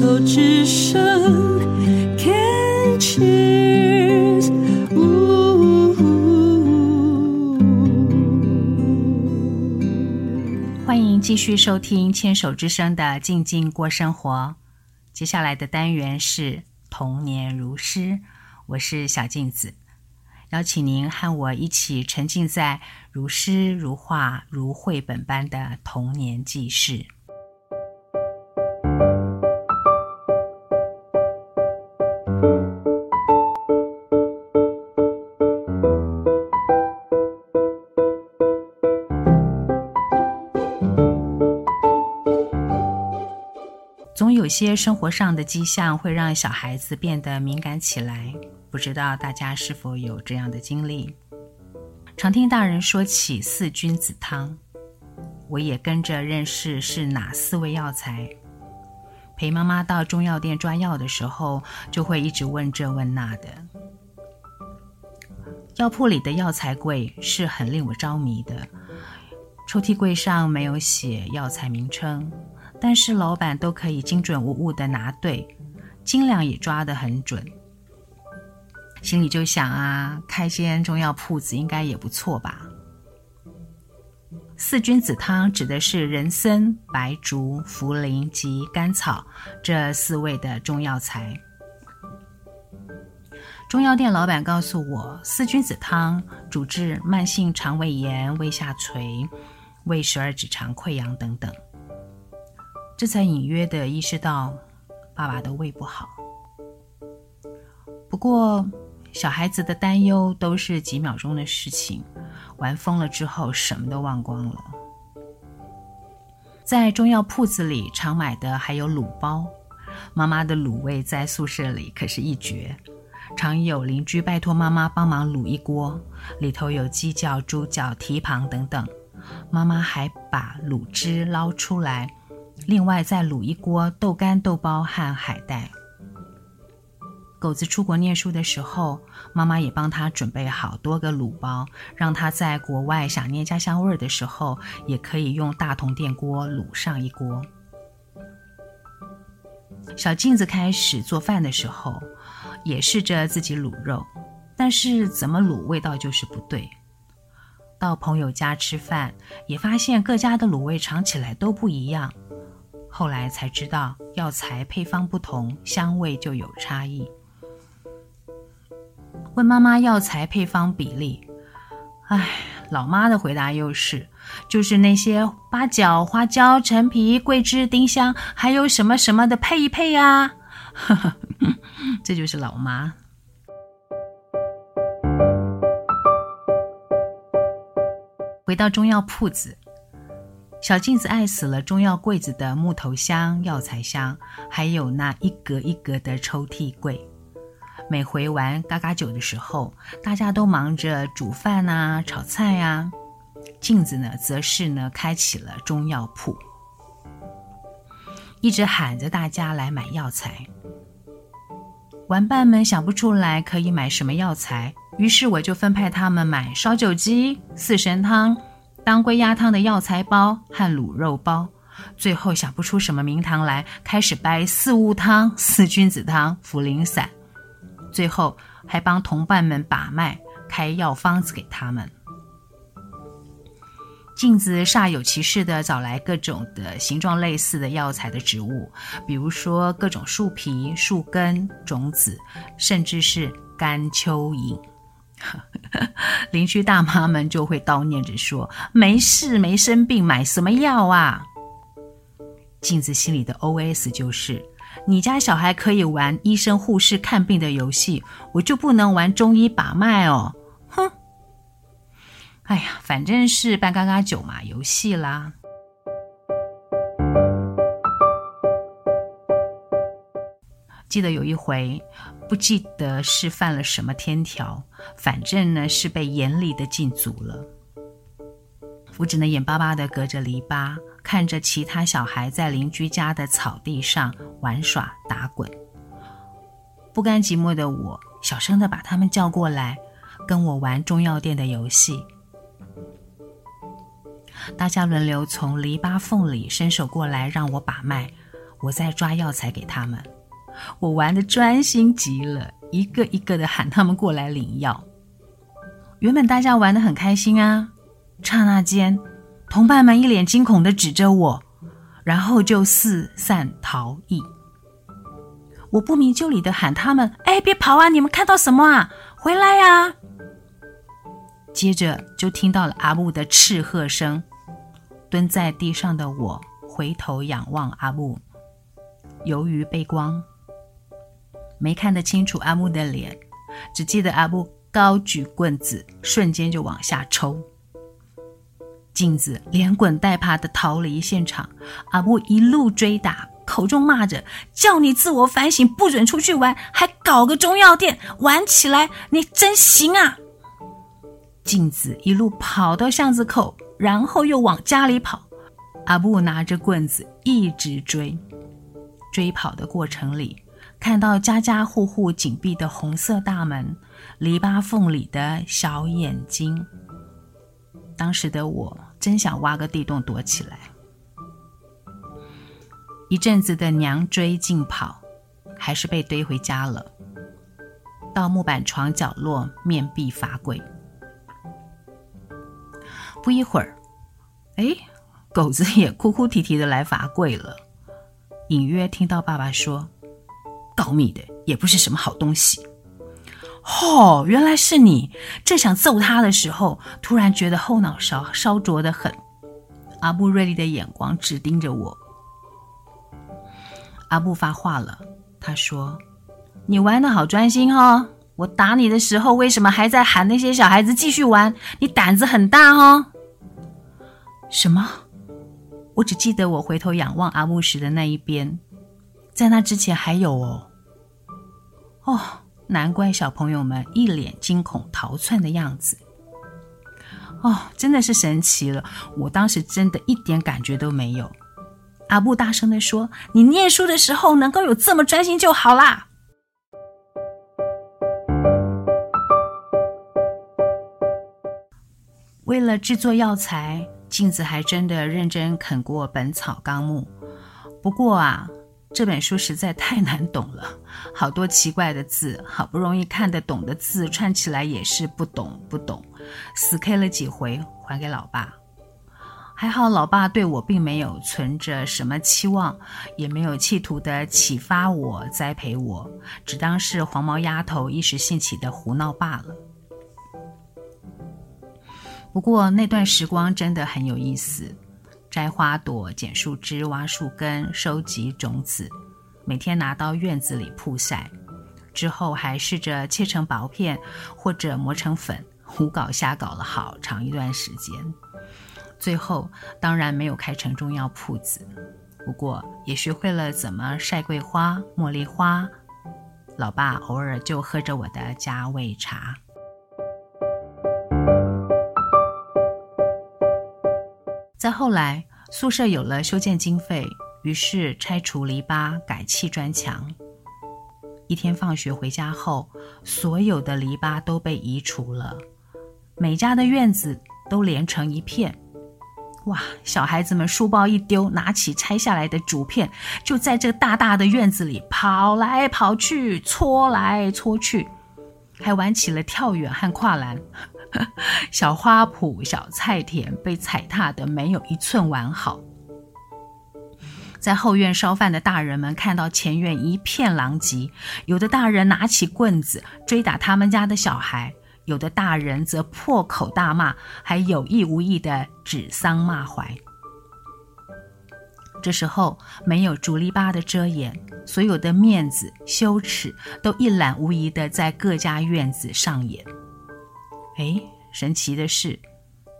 牽手之聲，Cheers！、哦哦哦、歡迎繼續收聽《牽手之聲》的《靜靜過生活》。接下來的單元是《童年如詩》，我是小鏡子，邀請您和我一起沉浸在如詩如畫、如繪本般的童年記事。總有些生活上的跡象會讓小孩子變得敏感起來，不知道大家是否有這樣的經歷？常聽大人說起四君子湯，我也跟着認識是哪四味藥材。陪媽媽到中藥店抓藥的時候，就會一直問這問那的。藥鋪裡的藥材櫃是很令我着迷的，抽屜櫃上沒有寫藥材名稱。但是老闆都可以精準無誤的拿對，斤兩也抓得很準，心裡就想啊，開間中藥鋪子應該也不錯吧。四君子湯指的是人參、白朮、茯苓及甘草這四味的中藥材。中藥店老闆告訴我，四君子湯主治慢性腸胃炎、胃下垂、胃十二指腸潰瘍等等。這才隱約的意識到，爸爸的胃不好。不過，小孩子的擔憂都是幾秒鐘的事情，玩瘋了之後什麼都忘光了。在中藥鋪子裡常買的還有滷包，媽媽的滷味在宿舍裡可是一絕，常有鄰居拜托媽媽幫忙滷一鍋，裡頭有雞腳、豬腳、蹄膀等等，媽媽還把滷汁撈出來。另外，再滷一鍋豆干、豆包和海帶。狗子出國念書的時候，媽媽也幫他準備好多個滷包，讓他在國外想念家鄉味的時候，也可以用大同電鍋滷上一鍋。小靜子開始做飯的時候，也試着自己滷肉，但是怎麼滷味道就是不對。到朋友家吃飯，也發現各家的滷味嘗起來都不一樣。後來才知道，藥材配方不同，香味就有差異。問媽媽藥材配方比例，哎，老媽的回答又是：就是那些八角、花椒、陳皮、桂枝、丁香，還有什麼什麼的配一配呀、啊。呵呵，這就是老媽。回到中藥鋪子。小靜子愛死了中藥櫃子的木頭香、藥材香，還有那一格一格的抽屜櫃。每回玩家家酒的時候，大家都忙着煮飯吶、啊、炒菜呀、啊，靜子呢則是呢開啟了中藥鋪，一直喊着大家來買藥材。玩伴們想不出來可以買什麼藥材，於是我就分派他們買燒酒雞、四神湯、當歸鴨湯的藥材包和滷肉包，最後想不出什麼名堂來，開始掰四物湯、四君子湯、茯苓散，最後還幫同伴們把脈，開藥方子給他們。鏡子煞有其事的找來各種的形狀類似的藥材的植物，比如說各種樹皮、樹根、種子，甚至是乾蚯蚓。 鄰居大媽們就會叨念着說：“沒事，沒生病，買什麼藥啊？”靜靜心裡的 OS 就是：“你家小孩可以玩醫生護士看病的遊戲，我就不能玩中醫把脈哦。”哼，哎呀，反正是扮家家酒嘛，遊戲啦。記得有一回，不記得是犯了什麼天條，反正呢是被嚴厲的禁足了。我只能眼巴巴的隔着籬笆看着其他小孩在鄰居家的草地上玩耍打滾。不甘寂寞的我，小聲的把他們叫過來，跟我玩中藥店的遊戲。大家輪流從籬笆縫裡伸手過來讓我把脈，我再抓藥材給他們。我玩得專心極了，一個一個的喊他們過來領藥。原本大家玩得很開心啊，剎那間，同伴們一臉驚恐的指着我，然後就四散逃逸。我不明就裡的喊他們：“哎，別跑啊！你們看到什麼啊？回來呀、啊！”接着就聽到了阿木的斥喝聲。蹲在地上的我回頭仰望阿木，由於背光。沒看得清楚阿母的臉，只記得阿母高舉棍子，瞬間就往下抽。靜子連滾帶爬的逃離現場，阿母一路追打，口中罵着：“叫你自我反省，不准出去玩，還搞個中藥店，玩起來你真行啊！”靜子一路跑到巷子口，然後又往家裡跑，阿母拿着棍子一直追，追跑的過程裡。看到家家戶戶緊閉的紅色大門，籬笆縫裡的小眼睛。當時的我真想挖個地洞躲起來。一陣子的娘追靜跑，還是被逮回家了。到木板床角落面壁罰跪。不一會兒，哎，狗子也哭哭啼啼的來罰跪了。隱約聽到爸爸說。告密的也不是什麼好東西。哦，原來是你！正想揍他的時候，突然覺得後腦勺燒，燒灼得很。阿布銳利的眼光只盯着我。阿布發話了，他說：“你玩得好專心哦。”我打你的時候，為什麼還在喊那些小孩子繼續玩？你膽子很大哦。什麼？我只記得我回頭仰望阿木時的那一邊，在那之前還有哦。哦，難怪小朋友們一臉驚恐逃竄的樣子。哦，真的是神奇了，我當時真的一點感覺都沒有。阿布大聲的說：“你唸書的時候能夠有這麼專心就好啦。”為了製作藥材，靜子還真的認真啃過《本草綱目》，不過啊。這本書實在太難懂了，好多奇怪的字，好不容易看得懂的字串起來也是不懂不懂。死 k 了幾回，還給老爸。還好老爸對我並沒有存着什麼期望，也沒有企圖的啟發我、栽培我，只當是黃毛丫頭一時興起的胡鬧罷了。不過那段時光真的很有意思。摘花朵、剪樹枝、挖樹根、收集種子，每天拿到院子裡曝曬，之後還試着切成薄片或者磨成粉，胡搞瞎搞了好長一段時間。最後當然沒有開成中藥鋪子，不過也學會了怎麼曬桂花、茉莉花。老爸偶爾就喝着我的加味茶。再後來，宿舍有了修建經費，於是拆除籬笆，改砌磚牆。一天放學回家後，所有的籬笆都被移除了，每家的院子都連成一片。哇，小孩子們書包一丟，拿起拆下來的竹片，就在這大大的院子裡跑來跑去，搓來搓去，還玩起了跳遠和跨欄。 小花圃、小菜田被踩踏的沒有一寸完好。在後院燒飯的大人們看到前院一片狼藉，有的大人拿起棍子追打他們家的小孩，有的大人則破口大罵，還有意無意的指桑罵槐。這時候沒有竹籬笆的遮掩，所有的面子、羞恥都一覽無遺的在各家院子上演。哎，神奇的是，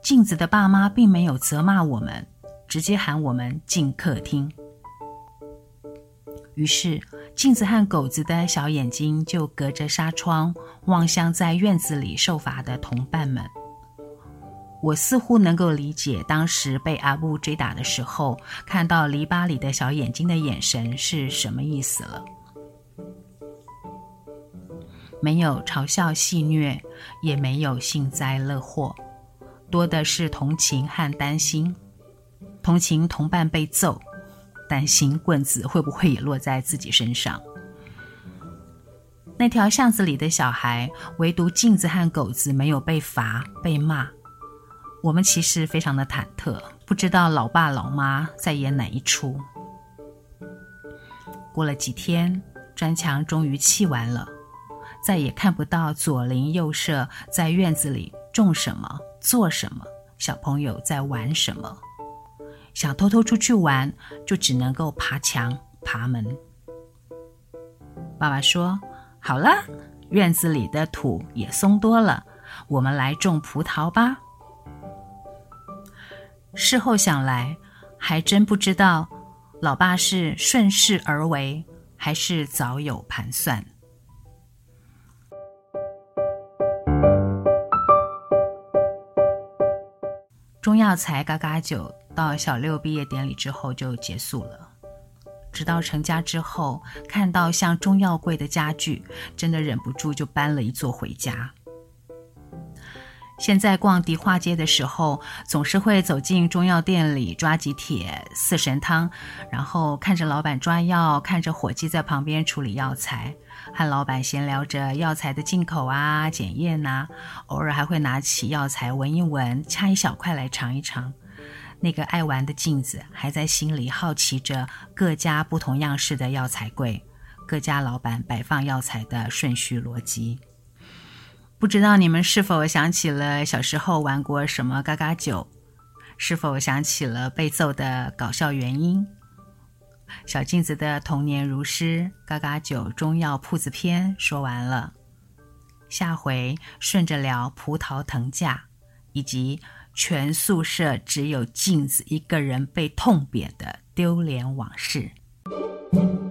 鏡子的爸媽並沒有責罵我們，直接喊我們進客廳。於是，鏡子和狗子的小眼睛就隔着紗窗望向在院子裡受罰的同伴們。我似乎能夠理解當時被阿布追打的時候，看到籬笆裡的小眼睛的眼神是什麼意思了。沒有嘲笑戲謔，也沒有幸災樂禍，多的是同情和擔心。同情同伴被揍，擔心棍子會不會也落在自己身上。那條巷子裡的小孩，唯獨鏡子和狗子沒有被罰、被罵。我們其實非常的忐忑，不知道老爸老媽在演哪一出。過了幾天，磚牆終於砌完了。再也看不到左鄰右舍在院子裡種什麼、做什麼，小朋友在玩什麼。想偷偷出去玩，就只能夠爬牆、爬門。爸爸說：“好了，院子裡的土也鬆多了，我們來種葡萄吧。”事後想來，還真不知道，老爸是順勢而為，還是早有盤算。藥材家家酒到小六畢業典禮之後就結束了。直到成家之後，看到像中藥櫃的家具，真的忍不住就搬了一座回家。現在逛迪化街的時候，總是會走進中藥店裡抓幾帖四神湯，然後看着老板抓藥，看着夥計在旁邊處理藥材，和老板閒聊着藥材的進口啊、檢驗啊，偶爾還會拿起藥材聞一聞，掐一小塊來嘗一嘗。那個愛玩的鏡子還在心裡好奇着各家不同樣式的藥材櫃，各家老板擺放藥材的順序邏輯。不知道你們是否想起了小時候玩過什麼家家酒，是否想起了被揍的搞笑原因？小靜子的童年如詩，《家家酒中藥鋪子篇》說完了，下回順着聊葡萄藤架，以及全宿舍只有靜子一個人被痛扁的丟臉往事。嗯。